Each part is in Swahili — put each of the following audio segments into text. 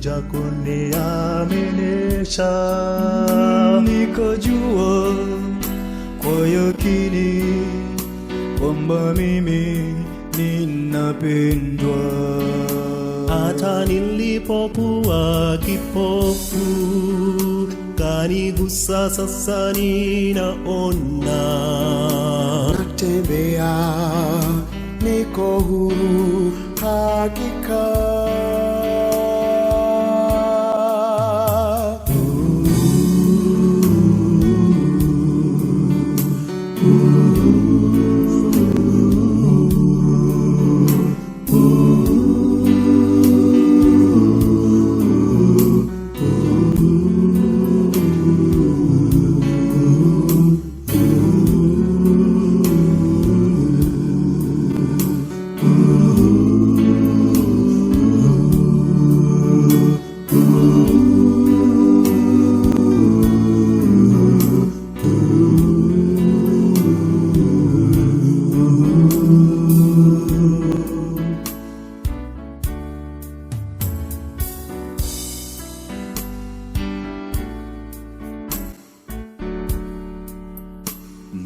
zako niaminisha, niko jua kwa yakini kwamba mimi ninapendwa. Hata nilipokuwa kipofu kanigusa, sasa ninaona. Natembea, niko huru hakika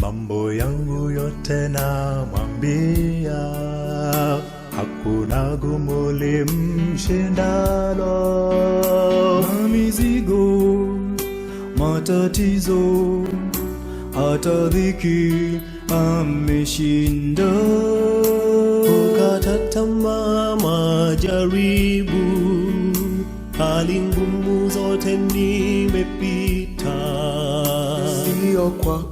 Mambo yangu yote mambia hakuna gumu limshindalo. Na mizigo, matatizo, hata dhiki ameshinda. Kukata majaribu, hali ngumu zote nimepita nilio kwa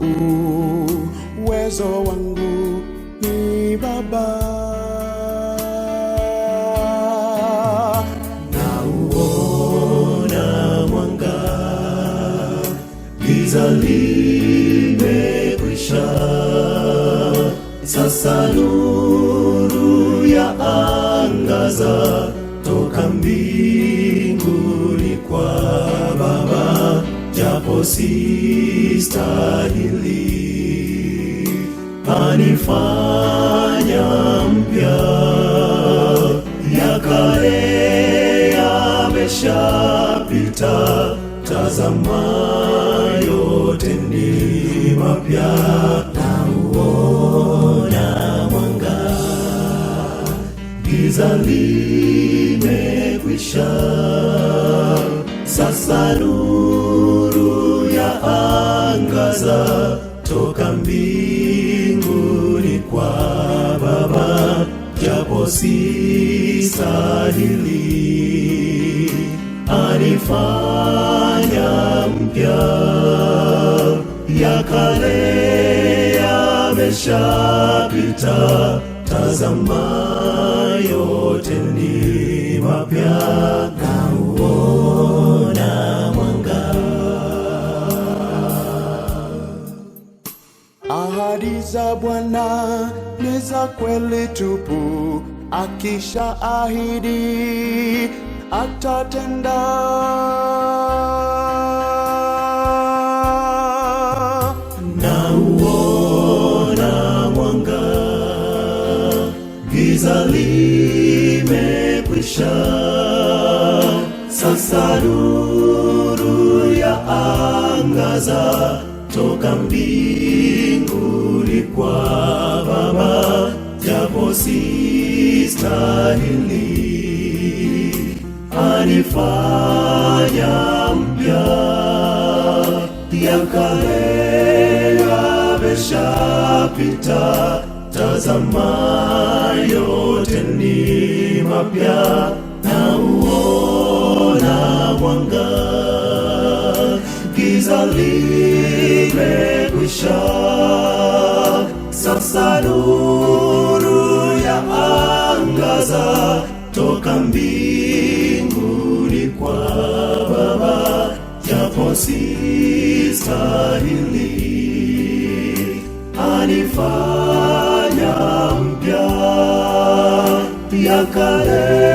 uwezo wangu ni Baba, nauona mwanga, giza limekwisha, sasa nuru ya angaza toka mbinguni kwa Baba japo si stahili anifanya mpya, ya kale yameshapita, tazama yote ni mapya. Nauona mwanga, gizalii mbinguni kwa Baba, japo si sahili, anifanya mpya ya kale yameshapita, tazama yote ni mapya. ahadi za Bwana ni za kweli tupu, akisha ahidi atatenda. Nauona mwanga, giza limekwisha, sasa nuru ya angaza toka mbinguni kwa Baba, japo sistahili, anifanya mpya, yakale yameshapita, tazama yote ni mapya, uona mwanga gizali imekwisha. Sasa nuru ya angaza toka mbinguni kwa Baba, japo sistahili, anifanya mpya, ya kale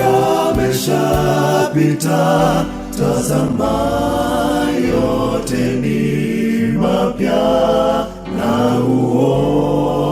yameshapita, tazama yote mapya na uo